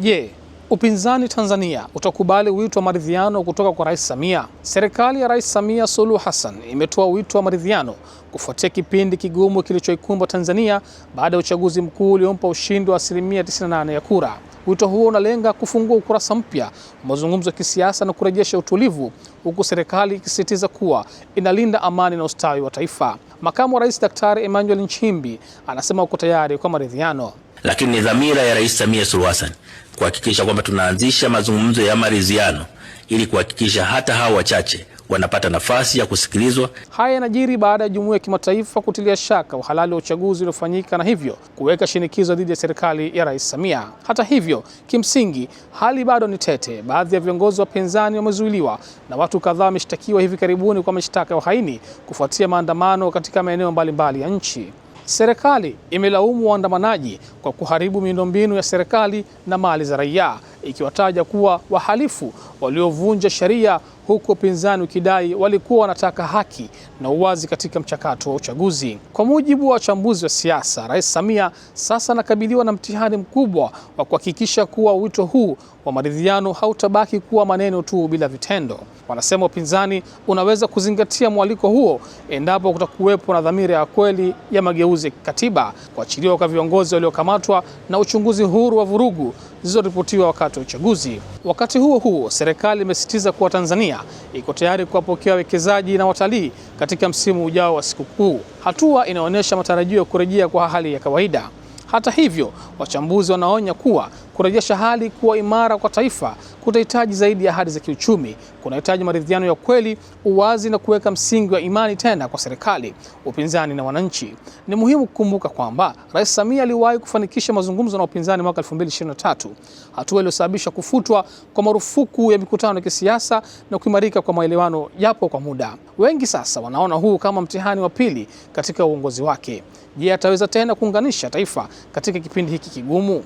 Je, upinzani Tanzania utakubali wito wa maridhiano kutoka kwa Rais Samia? Serikali ya Rais Samia Suluhu Hassan imetoa wito wa maridhiano kufuatia kipindi kigumu kilichoikumba Tanzania baada ya uchaguzi mkuu uliompa ushindi wa asilimia 98 ya kura. Wito huo unalenga kufungua ukurasa mpya wa mazungumzo ya kisiasa na kurejesha utulivu, huku serikali ikisisitiza kuwa inalinda amani na ustawi wa taifa. Makamu wa Rais Daktari Emmanuel Nchimbi anasema uko tayari kwa maridhiano lakini ni dhamira ya Rais Samia Suluhu Hassan kuhakikisha kwamba tunaanzisha mazungumzo ya maridhiano ili kuhakikisha hata hao wachache wanapata nafasi ya kusikilizwa. Haya yanajiri baada ya jumuiya ya kimataifa kutilia shaka uhalali wa uchaguzi uliofanyika na hivyo kuweka shinikizo dhidi ya serikali ya Rais Samia. Hata hivyo, kimsingi hali bado ni tete. Baadhi ya viongozi wapinzani wamezuiliwa na watu kadhaa wameshtakiwa hivi karibuni kwa mashtaka ya uhaini kufuatia maandamano katika maeneo mbalimbali ya nchi. Serikali imelaumu waandamanaji kwa kuharibu miundombinu ya serikali na mali za raia ikiwataja kuwa wahalifu waliovunja sheria, huku upinzani ukidai walikuwa wanataka haki na uwazi katika mchakato wa uchaguzi. Kwa mujibu wa wachambuzi wa siasa, Rais Samia sasa anakabiliwa na mtihani mkubwa wa kuhakikisha kuwa wito huu wa maridhiano hautabaki kuwa maneno tu bila vitendo. Wanasema upinzani unaweza kuzingatia mwaliko huo endapo kutakuwepo na dhamira ya kweli ya mageuzi ya kikatiba, kuachiliwa kwa viongozi waliokamatwa na uchunguzi huru wa vurugu zilizoripotiwa wakati wa uchaguzi. Wakati huo huo, serikali imesisitiza kuwa Tanzania iko tayari kuwapokea wawekezaji na watalii katika msimu ujao wa sikukuu, hatua inaonyesha matarajio ya kurejea kwa hali ya kawaida. Hata hivyo, wachambuzi wanaonya kuwa Kurejesha hali kuwa imara kwa taifa kutahitaji zaidi ya ahadi za kiuchumi, kunahitaji maridhiano ya kweli, uwazi na kuweka msingi wa imani tena kwa serikali, upinzani na wananchi. Ni muhimu kukumbuka kwamba Rais Samia aliwahi kufanikisha mazungumzo na upinzani mwaka 2023, hatua iliyosababisha kufutwa kwa marufuku ya mikutano ya kisiasa na kuimarika kwa maelewano japo kwa muda. Wengi sasa wanaona huu kama mtihani wa pili katika uongozi wake. Je, ataweza tena kuunganisha taifa katika kipindi hiki kigumu?